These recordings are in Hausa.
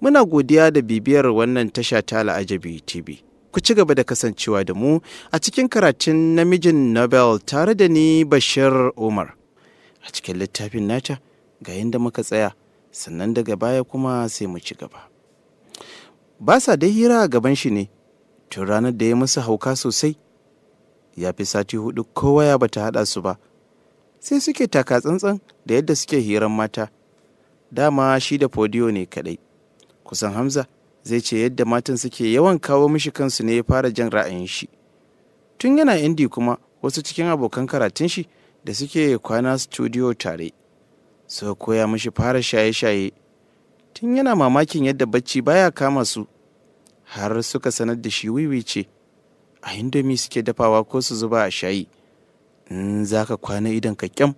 Muna godiya da bibiyar wannan tasha ta Al'ajabi TV. Ku ci gaba da kasancewa da mu a cikin karatun namijin Nobel tare da ni Bashir Umar. A cikin littafin nata ga yadda muka tsaya, sannan daga baya kuma sai mu ci gaba. Ba sa da hira a gaban shi ne, tun ranar da ya musu hauka sosai. Ya fi sati hudu kowa ya bata hada su ba. Sai suke taka tsantsan da yadda suke hiran mata. Dama shi da podiyo ne kadai. kusan hamza zai ce yadda matan suke yawan kawo mishi kansu ne ya fara jan ra'ayin shi tun yana indi kuma wasu cikin abokan karatun shi da suke kwana studio tare suka koya mishi fara shaye-shaye tun yana mamakin yadda bacci baya kama su har suka sanar da shi wiwi ce a indomi suke dafawa ko su zuba a shayi in za ka kwana idan ka kyam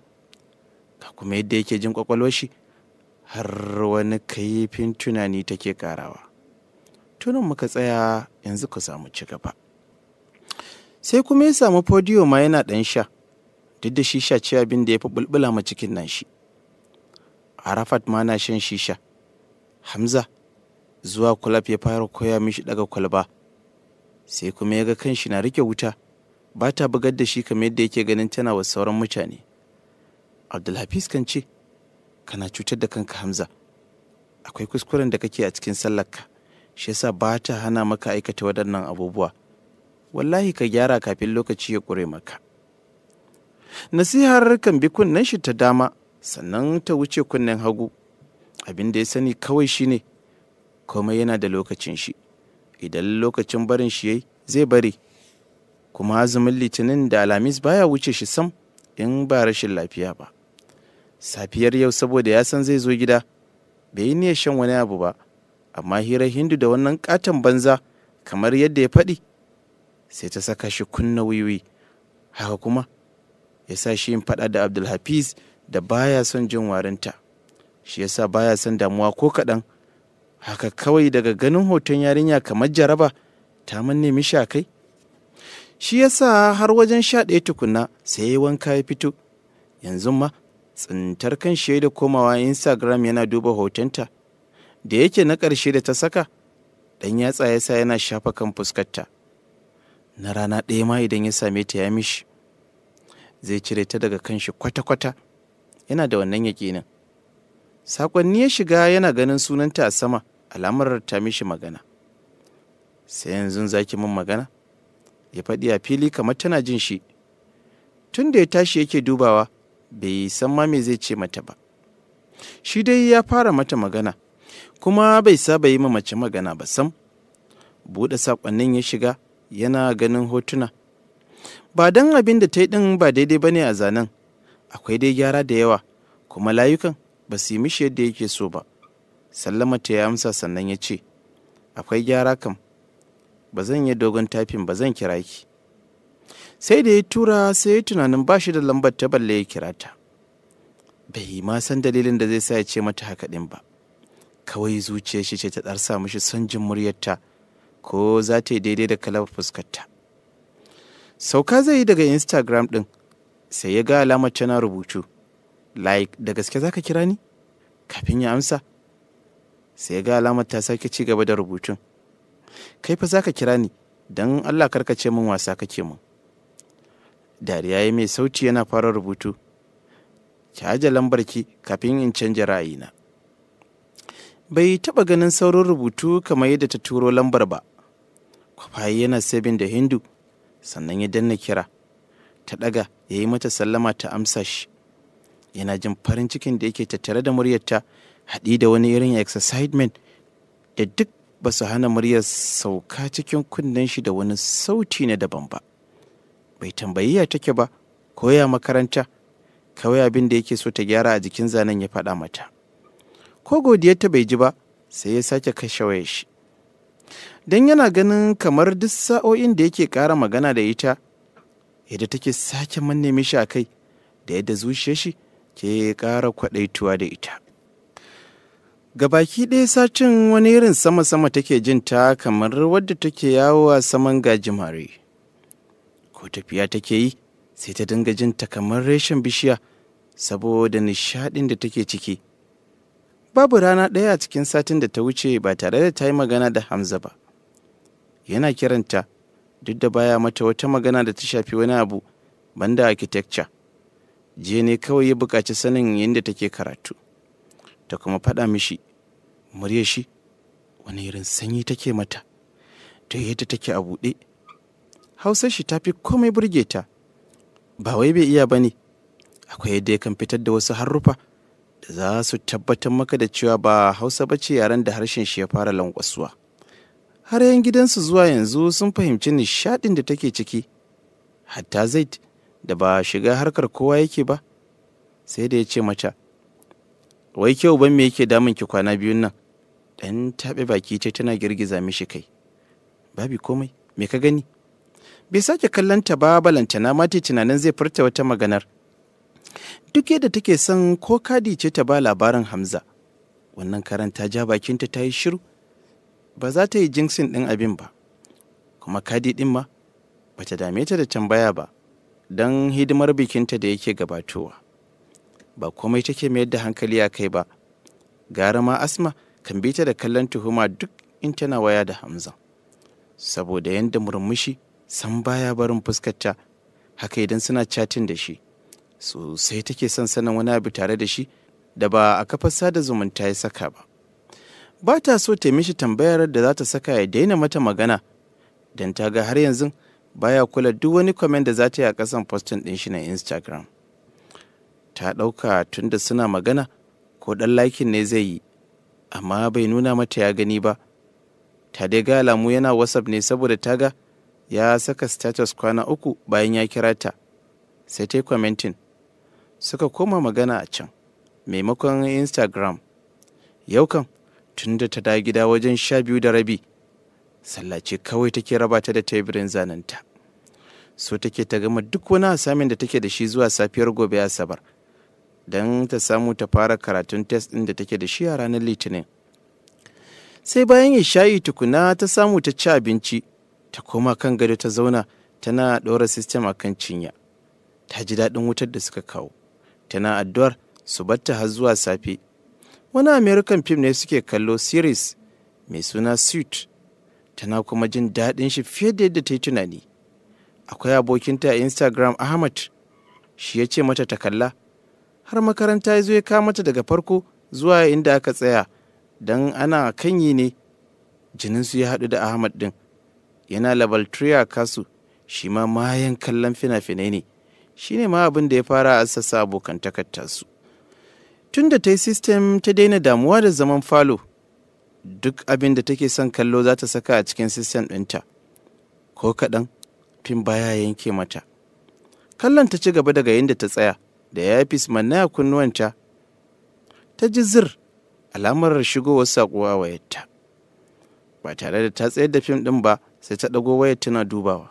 ka kuma yadda yake jin kwakwalwar shi har wani kaifin tunani take karawa tunan muka tsaya yanzu ku samu ci gaba sai kuma ya samu podiyo ma yana ɗan sha duk da shisha ce abin da ya fi bulbula ma cikin nan shi arafat ma na shan shisha hamza zuwa kulaf ya fara koya mishi daga kwalba sai kuma ya ga kanshi na rike wuta ba ta bugar da shi kamar yadda yake ganin tana wa sauran mutane abdulhafiz kan ce kana cutar da kanka hamza akwai kuskuren da kake a cikin sallarka shi yasa ba ta hana maka aikata waɗannan abubuwa wallahi ka gyara kafin lokaci ya ƙure maka nasihar kan bi kunnen shi ta dama sannan ta wuce kunnen hagu abin da ya sani kawai shi ne komai yana da lokacin shi idan lokacin barin shi yayi zai bari kuma azumin litinin da alhamis baya wuce shi sam in ba rashin lafiya ba safiyar yau saboda ya san zai zo gida bai yi niyyar shan wani abu ba amma hirar hindu da wannan katon banza kamar yadda ya faɗi sai ta saka shi kunna wiwi haka kuma ya sa shi yin faɗa da abdulhafiz da baya son jin warinta shi yasa baya son damuwa ko kaɗan haka kawai daga ganin hoton yarinya kamar jaraba ta manne mishi a kai shi yasa har wajen sha ɗaya tukuna sai ya wanka ya fito yanzu ma tsintar kan da komawa instagram yana duba hotonta da yake na ƙarshe da ta saka ɗan yatsa ya sa yana shafa kan fuskarta na rana ɗaya ma idan ya same ta ya mishi zai cire ta daga kanshi kwata-kwata yana da wannan yaƙinin saƙonni ya shiga yana ganin sunanta a sama alamar ta mishi magana sai yanzu zaki min magana ya faɗi a fili kamar tana jin shi tun da ya tashi yake dubawa bai san ma me zai ce mata ba shi dai ya fara mata magana kuma bai saba yi ma mace magana ba sam buɗe saƙonnin ya shiga yana ganin hotuna ba don abin da ta yi ɗin ba daidai ba ne a zanen akwai dai gyara da yawa kuma layukan ba su yi mishi yadda yake so ba sallama ta ya amsa sannan ya ce akwai gyara kam ba zan yi dogon tafin ba zan kira ki sai da ya tura sai ya tunanin ba shi da lambar ta balle ya kira ta bai ma san dalilin da zai sa ya ce mata haka ɗin ba kawai zuciyar shi ce ta ɗarsa mishi son jin muryarta ko za ta yi daidai da kalabar fuskarta sauka zai yi daga instagram ɗin sai ya ga alamar tana rubutu like da gaske za ka kira ni kafin ya amsa sai ya ga alamar ta sake ci gaba da rubutun kai fa za ka kira ni don allah karka ce min wasa kake min dariya ya mai sauci yana fara rubutu caja lambar ki kafin in canja ra'ayina bai taɓa ganin saurin rubutu kamar yadda ta turo lambar ba kwafaye yana sabin da hindu sannan ya danna kira ta ɗaga ya yi mata sallama ta amsa shi yana jin farin cikin da yake tattare da muryarta haɗi da wani irin excitement da duk ba su hana muryar sauka cikin kunnen shi da wani sauti na daban ba bai tambayi ya take ba ko ya makaranta kawai abin da yake so ta gyara a jikin zanen ya faɗa mata ko godiyarta bai ji ba sai ya sake kashe wayar shi Dan yana ganin kamar duk sa'o'in da yake ƙara magana da ita yadda take sake manne mishi a kai da yadda zuciyar shi ke ƙara kwaɗaituwa da ita Ga baki ɗaya sacin wani irin sama-sama take jin ta kamar wadda take yawo a saman gajimare ko tafiya take yi sai ta dinga jin ta kamar reshen bishiya saboda nishadin da take ciki babu rana ɗaya a cikin satin da ta wuce ba tare da ta yi magana da hamza ba yana kiranta duk da baya mata wata magana da ta shafi wani abu banda architecture je ne kawai ya buƙaci sanin yadda take karatu ta kuma faɗa mishi murya shi wani irin sanyi take mata ta yadda take a buɗe hausar shi ta fi komai burge ta ba wai bai iya ba ne akwai yadda kan fitar da wasu harrufa da za su tabbatar maka da cewa ba hausa ba ce yaren da harshen shi ya fara lankwasuwa har yan gidansu zuwa yanzu sun fahimci nishaɗin da take ciki hatta zaid da ba shiga harkar kowa yake ba sai da ya ce mata wai kyau ban me yake damun ki kwana biyun nan Dan taɓe baki ce tana girgiza mishi kai babi komai me ka gani bai sake kallon ta ba na ma ta tunanin zai furta wata maganar duk yadda take son ko kadi ce ta ba labarin hamza wannan karanta ja bakinta ta yi shiru ba za ta yi jinsin ɗin abin ba kuma kadi ɗin ma ba ta dame ta da tambaya ba don hidimar bikinta da yake gabatowa ba komai take mayar da hankali a kai ba gara ma asma kan bi ta da kallon tuhuma duk in tana waya da hamza saboda yadda murmushi san baya barin fuskarta haka idan suna chatin da shi sosai take son sanin wani abu tare da shi da ba a kafar sada zumunta ya saka ba ba ta so ta mishi tambayar da za ta saka ya daina mata magana don ta ga har yanzu baya kula duk wani kwamen da za ta yi a kasan postin ɗin shi na instagram ta ɗauka tunda suna magana ko ɗan lakin ne zai yi amma bai nuna mata ya gani ba ta dai ga alamu yana whatsapp ne saboda ta ga ya saka status kwana uku bayan ya kira ta sai ta yi kwamentin suka koma magana a can maimakon instagram yau kan tun da ta da gida wajen sha biyu da rabi sallace kawai take raba ta da teburin zananta so take ta gama duk wani asamin da take da shi zuwa safiyar gobe asabar don ta samu ta fara karatun test ɗin da take da shi a ranar litinin sai bayan ya shayi tukuna ta samu ta ci abinci ta koma kan gado ta zauna tana ɗora sistem a kan cinya ta ji daɗin wutar da suka kawo tana addu'ar su batta har zuwa safe wani american film ne suke kallo series mai suna suit tana kuma jin daɗin shi fiye da yadda ta yi tunani akwai abokinta a instagram ahmad shi ya ce mata ta kalla har makaranta ya zo ya kawo mata daga farko zuwa inda aka tsaya don ana kanyi ne jininsu ya haɗu da ahmad din. yana labaltriya kasu shi ma mayan kallon fina-finai ne shi ne ma abin da ya fara a sassa abokan tasu tun da ta yi sistem ta daina damuwa da zaman falo duk abin da take son kallo za ta saka a cikin sistem ɗinta ko kaɗan fim baya yanke mata kallon ta ci gaba daga yadda ta tsaya da ya fi manna kunnuwanta ta ji zir alamar shigowar saƙo a wayarta ba tare da ta tsayar da fim ɗin ba sai ta ɗago waya tana dubawa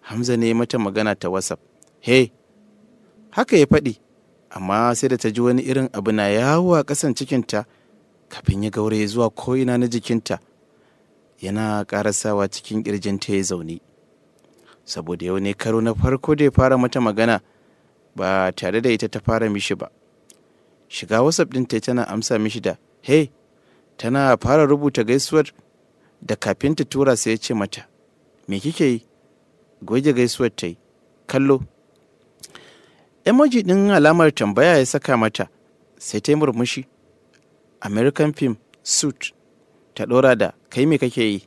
hamza ne mata magana ta whatsapp he haka ya faɗi amma sai da ta ji wani irin abu na yawo a ƙasan cikinta kafin ya gaure zuwa ko'ina na jikinta yana ƙarasawa cikin ta ya zaune saboda yau ne karo na farko da ya fara mata magana ba tare da ita ta fara mishi ba shiga whatsapp ɗinta tana amsa mishi da He! tana fara rubuta gaisuwar da kafin ta tura sai ya ce mata me kike yi goge gaisuwar ta yi kallo emoji din alamar tambaya ya saka mata sai ta yi murmushi american film suit ta ɗora da kai me kake yi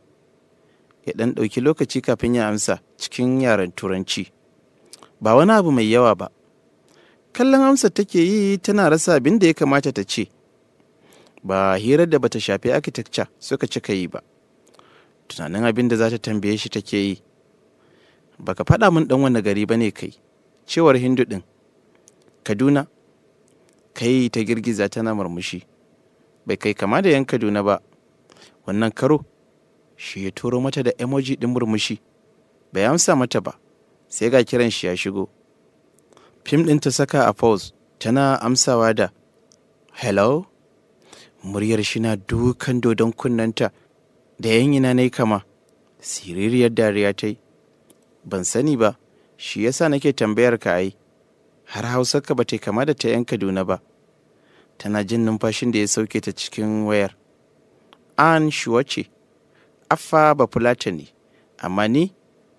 ya ɗan ɗauki lokaci kafin ya amsa cikin yaren turanci ba wani abu mai yawa ba kallon amsa take yi tana rasa abin da ya kamata ta ce ba hirar da bata shafi architecture suka cika yi ba tunanin abin da za ta tambaye shi take yi baka faɗa min ɗan wani gari bane kai cewar hindu ɗin kaduna kai ta girgiza tana murmushi bai kai kama da yan kaduna ba wannan karo shi ya turo mata da emoji ɗin murmushi bai amsa mata ba sai ga kiran shi ya shigo fim ɗin ta saka a pause tana amsawa da hello muryar shi na dukan dodon kunnanta da yanyina na kama siririyar dariya ta yi ban sani ba shi yasa nake tambayar ka ai har hausarka ba ta kama da ta yan kaduna ba tana jin numfashin da ya sauke ta cikin wayar an shuwa ce affa ba fulata ne amma ni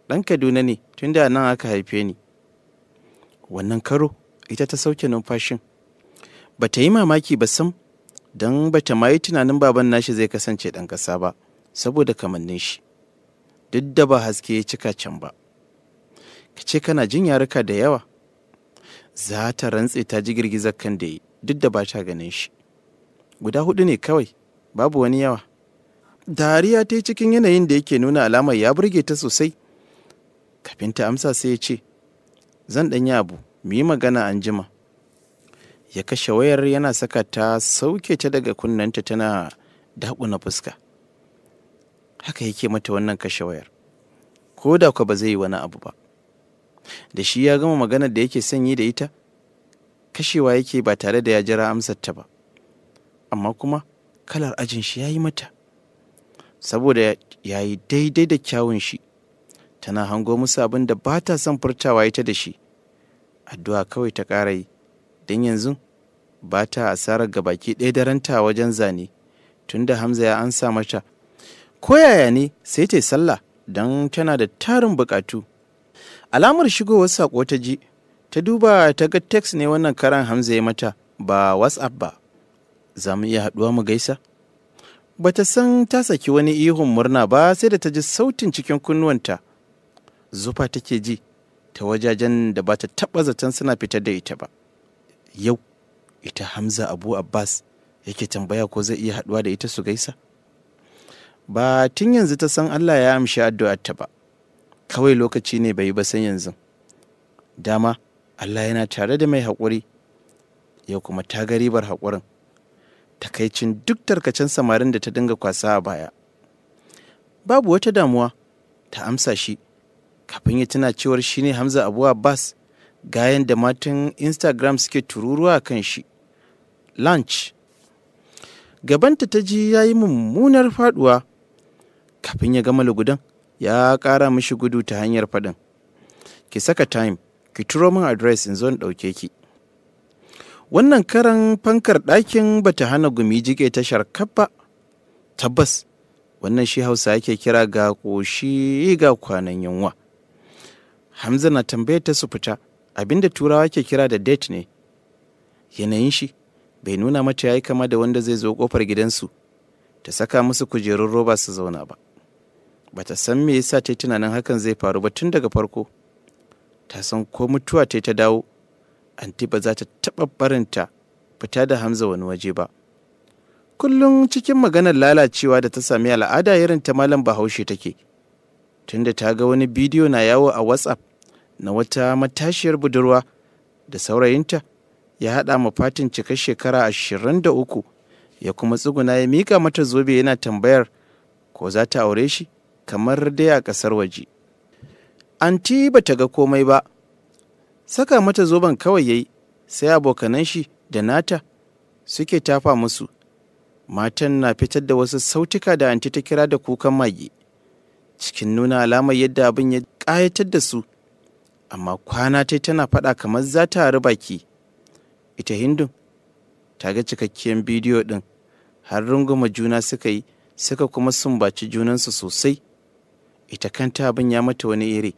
ɗan kaduna ne tun da nan aka haife ni wannan karo ita ta sauke numfashin ba ta yi mamaki ba sam don ba ta mayi tunanin baban nashi zai kasance ɗan ƙasa ba saboda kamannin shi duk da ba haske ya cika can ba ka ce kana jin yaruka da yawa za ta rantse ta ji girgizar kan da yi duk da ba ta ganin shi guda hudu ne kawai babu wani yawa dariya ta yi cikin yanayin da yake nuna alamar ya burge ta sosai kafin ta amsa sai ya ce zan yi abu mu yi magana an jima ya kashe wayar yana saka ta sauke ta daga kunnanta tana daƙuna fuska haka yake mata wannan kashe wayar ko da kwa ba zai yi wani abu ba da shi ya gama maganar da yake sanyi da ita kashewa yake ba tare da ya jira amsar ta ba amma kuma kalar ajin shi ya yi mata saboda ya yi daidai da kyawun shi tana hango musu abin da ba ta son furtawa ita da shi addu'a kawai ta ƙara yi don yanzu ba ta asarar baki ɗaya daranta wajen zane tunda hamza ya ansa mata ko yaya ne sai ta yi sallah don tana da tarin bukatu alamar shigowar saƙo ta ji ta duba ta ga text ne wannan karan hamza ya mata ba whatsapp ba za mu iya haɗuwa mu gaisa bata san ta saki wani ihun murna ba sai da ta ji sautin cikin kunnuwanta zufa take ji ta wajajen da ba ta taɓa zaton suna fitar da ita ba yau ita hamza abu abbas yake tambaya ko zai iya haɗuwa da ita su gaisa ba tun yanzu ta san Allah ya amshi addu'arta ba kawai lokaci ne bai ba san yanzu dama Allah yana tare da mai haƙuri Ya kuma ta ga ribar haƙurin takaicin duk tarkacen samarin da ta dinga kwasa a baya babu wata damuwa ta amsa shi kafin ya tuna cewar shi ne hamza abu abbas gayan da matan instagram suke tururuwa kan shi lunch gabanta ta ji ya yi mummunar faduwa kafin ya gama lugudan ya kara mishi gudu ta hanyar faɗin ki saka time ki turo min adres in zo in ɗauke ki wannan karan fankar ɗakin ba ta hana gumi jike tashar kabba tabbas wannan shi hausa yake kira ga ƙoshi ga kwanan yunwa hamza na tambayar ta su fita abinda turawa ke kira da date ne yanayin shi bai nuna mata ya yi kama da wanda zai zo kofar gidansu ta saka musu kujerun roba su zauna ba bata san me yasa ta yi tunanin hakan zai faru ba tun daga farko ta san ko mutuwa ta ta dawo anti ba za ta taɓa barinta fita da hamza wani waje ba kullum cikin maganar lalacewa da ta sami al'ada irin ta malam bahaushe take tunda ta ga wani bidiyo na yawo a whatsapp na wata matashiyar budurwa da saurayinta ya haɗa ma fatin cikar shekara ashirin da uku ya kuma tsuguna ya mika mata zobe yana tambayar ko za ta aure shi kamar dai a ƙasar waje. Anti ba ta ga komai ba, saka mata zoben kawai yayi sai abokanan shi da nata suke tafa musu. Matan na fitar da wasu sautuka da anti ta kira da kukan mage, cikin nuna alamar yadda abin ya ƙayatar da su, amma kwana ta tana faɗa kamar za ta baki. Ita hindu. ta ga cikakkiyar bidiyo ɗin har runguma juna suka yi suka kuma sumbaci junansu sosai ita kanta abin ya mata wani iri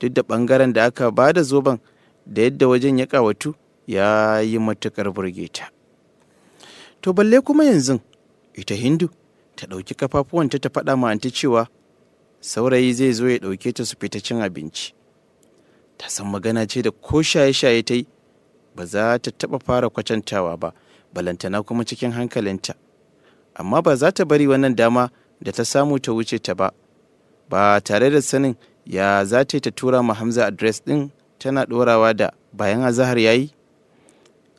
duk da bangaren da aka ba da zoben da yadda wajen ya kawatu ya yi matuƙar burge ta to balle kuma yanzu ita hindu ta ɗauki kafafuwanta ta faɗa ma cewa saurayi zai zo ya ɗauke ta su fita cin abinci ta san magana ce da ko shaye-shaye ta yi ba za ta taɓa fara kwatantawa ba balantana kuma cikin hankalinta amma ba za ta bari wannan dama da ta samu ta wuce ta ba ba tare da sanin ya za ta ta tura ma hamza adres din tana dorawa da bayan azahar yayi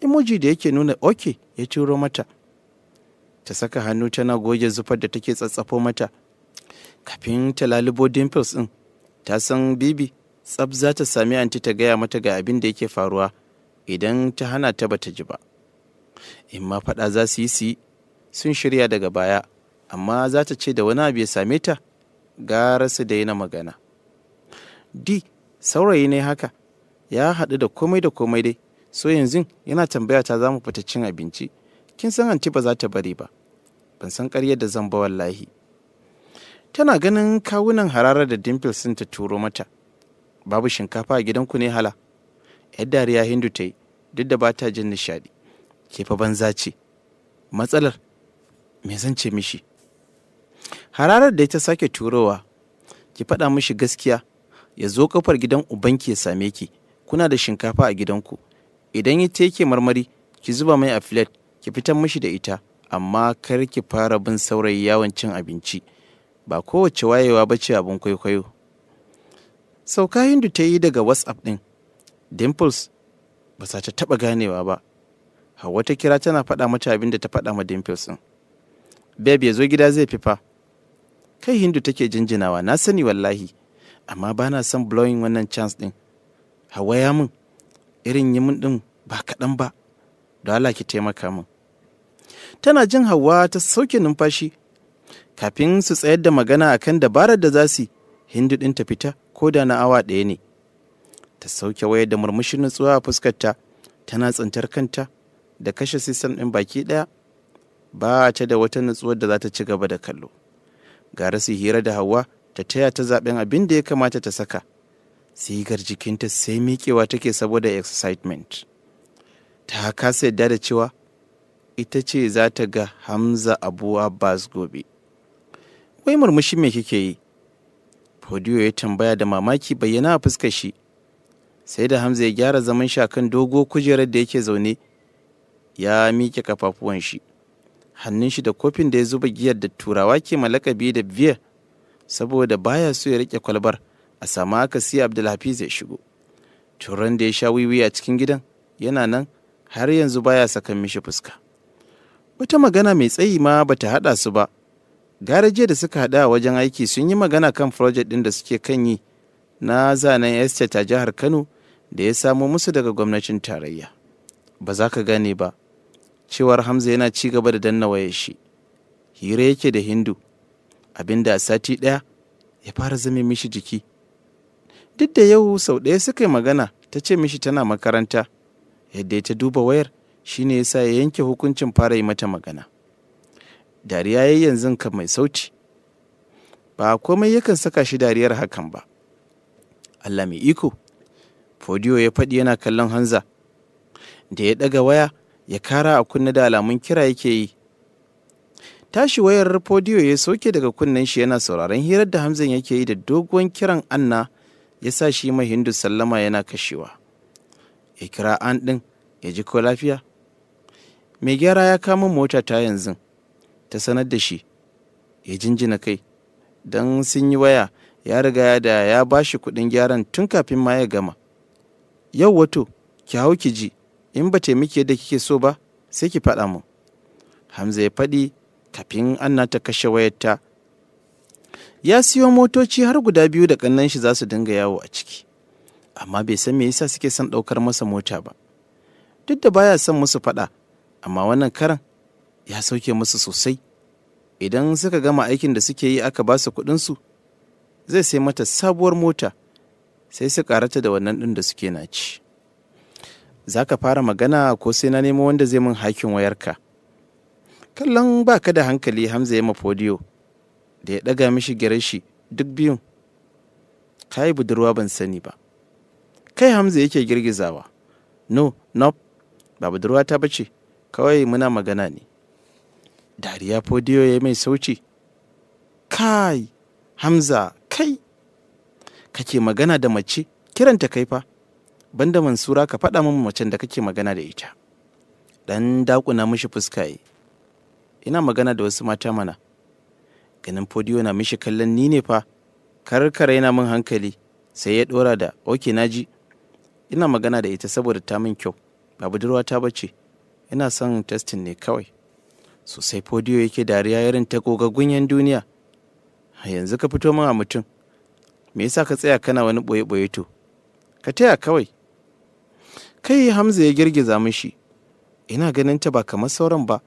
emoji da yake nuna ok ya turo mata ta saka hannu tana goge zufar da take tsatsafo mata kafin ta lalubo dimples ɗin ta san bibi tsab za ta sami anti ta gaya mata ga abin da yake faruwa idan ta hana ta bata ji ba in ma faɗa za su yi su sun shirya daga baya amma za ta ce da wani abu ya same ta gara su daina magana d saurayi ne haka ya haɗu da komai da komai dai so yanzu yana tambaya ta za mu fita cin abinci kin san anti ba za ta bari ba ban san ƙarya da zan ba wallahi tana ganin kawunan harara da dimples sun ta turo mata babu shinkafa a ku ne hala yar dariya hindu ta yi duk da ba ta jin nishaɗi ke fa banza ce matsalar me zan ce mishi hararar da ta sake turowa ki faɗa mishi gaskiya ya zo ƙafar gidan ubanki ya same ki kuna da shinkafa a gidanku idan ya teke marmari ki zuba mai a filet ki fitar mishi da ita amma kar ki fara bin saurayi yawon cin abinci ba kowace wayewa ba ce abin kwaikwayo sauka hindu ta yi daga whatsapp ɗin dimples ba sa ta taba ganewa ba hawa ta kira tana faɗa mata abin da ta faɗa ma dimples din. babe ya zo gida zai fi fa kai hindu take jinjinawa na sani wallahi amma ba na son blowing wannan chance din ya mun irin yi min din ba kaɗan ba da Allah ki taimaka min tana jin hawa ta sauke numfashi kafin su tsayar da magana akan dabarar da za su hindu din ta fita ko da na awa ɗaya ne ta sauke wayar da murmushin nutsuwa a fuskarta tana tsintar kanta da kashe sistem ɗin baki ɗaya ba ta da wata nutsuwar da za ta ci gaba da kallo gara su hira da hawa ta taya ta zaɓen abin da ya kamata ta saka sigar jikinta sai miƙewa take saboda excitement ta kasa yadda da cewa ita ce za ta ga hamza abuwa bas gobe wai murmushi me kike yi Fodiyo ya tambaya da mamaki bayyana a fuskar shi sai da hamza ya gyara zaman shakan dogo kujerar da yake zaune ya miƙe kafafuwan shi hannun shi da kofin da ya zuba giyar da turawa ke malakabi da biyar saboda baya so ya rike kwalbar a samu aka siya abdulhafiz ya shigo turan da ya sha wiwi a cikin gidan yana nan har yanzu baya sakan mishi fuska wata magana mai tsayi ma bata hada su ba garaje da suka hada a wajen aiki sun yi magana kan project ɗin da suke kan yi na zanen estate a jihar kano da ya samo musu daga gwamnatin tarayya ba za ka gane ba cewar hamza yana ci gaba da danna wayar shi hira yake da hindu abinda a sati ɗaya ya fara zame mishi jiki duk da yau sau ɗaya suka yi magana ta ce mishi tana makaranta yadda ya ta duba wayar shine ya sa ya yanke hukuncin fara yi mata magana dariya ya yanzu ka mai sauti ba komai yakan saka shi dariyar hakan ba allah mai iko fodiyo ya faɗi yana kallon hanza da ya ɗaga waya ya kara a kunne da alamun kira yake yi tashi wayar podiyo ya soke daga kunnen shi yana sauraron hirar da hamzan yake yi da doguwan kiran anna ya sa shi mai hindu sallama yana kashewa ya kira an ɗin ya ji ko lafiya mai gyara ya kama mota ta yanzu ta sanar da shi ya jinjina kai don sun yi waya ya riga da ya bashi shi kuɗin gyaran tun kafin ma ya gama yau wato ki hau ki ji in ba taimake da kike so ba sai ki faɗa mu hamza ya faɗi kafin anna ta kashe wayarta ya siyo motoci har guda biyu da ƙannan shi za su dinga yawo a ciki amma bai san me yasa suke son ɗaukar masa mota ba duk da baya son musu faɗa amma wannan karan ya sauke musu sosai idan suka gama aikin da suke yi aka ba su kuɗinsu zai sai mata sabuwar mota sai su karata da wannan ɗin da suke na ci. za ka fara magana ko sai na nemo wanda zai min hakin wayarka kallon ba ka da hankali hamza ya mafodiyo da ya ɗaga mishi gare shi duk biyun ka yi budurwa ban sani ba kai hamza yake girgizawa no no ba budurwa ta bace kawai muna magana ne dariya fodiyo ya mai sauci kai hamza kai kake magana da mace kiranta kai fa banda mansura ka faɗa min macen da kake magana da ita dan dakuna mishi fuska yi ina magana da wasu mata mana ganin podiyo na mishi kallon ni ne fa karkara yana min hankali sai ya ɗora da oke naji ina magana da ita saboda ta min kyau ba budurwa ta bace ina son testin ne kawai sosai podiyo yake dariya irin ta gogaggun yan duniya yanzu ka fito min a mutum me yasa ka tsaya kana wani boye-boye to ka taya kawai kai hamza ya girgiza mishi ina ganin ta ba kamar sauran ba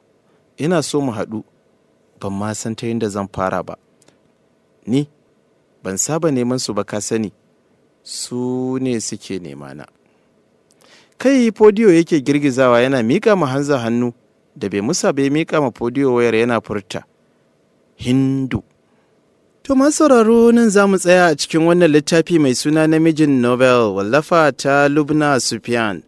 ina so mu haɗu ban ma san ta yadda zan fara ba ni ban saba neman su ba ka sani su ne suke nemana kai fodiyo yake girgizawa yana miƙa ma hanza hannu da bai musa bai miƙa ma fodiyo wayar yana furta hindu To masu sauraro nan za mu tsaya a cikin wannan littafi mai suna namijin Nobel wallafa ta Lubna Sufyan.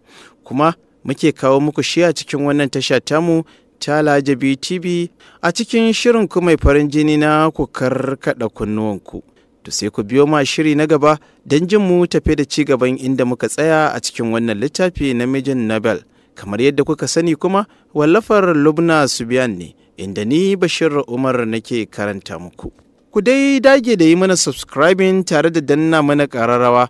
Kuma muke kawo muku shi a cikin wannan tasha tamu ta Lajabi TV a cikin shirin ku mai farin jini na ku karkada kunnuwanku. To sai ku biyo ma shiri na gaba don jin mu tafe da ci gaban inda muka tsaya a cikin wannan littafi namijin Nobel. Kamar yadda kuka sani kuma wallafar Lubna Subiyan ne inda ni Bashir Umar nake karanta muku. ku dai dage da yi mana subscribing tare da danna mana ƙararrawa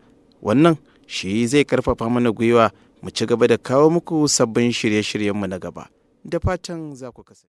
wannan shi zai karfafa mana gwiwa mu ci gaba da kawo muku sabbin shirye-shiryenmu na gaba da fatan za ku kasance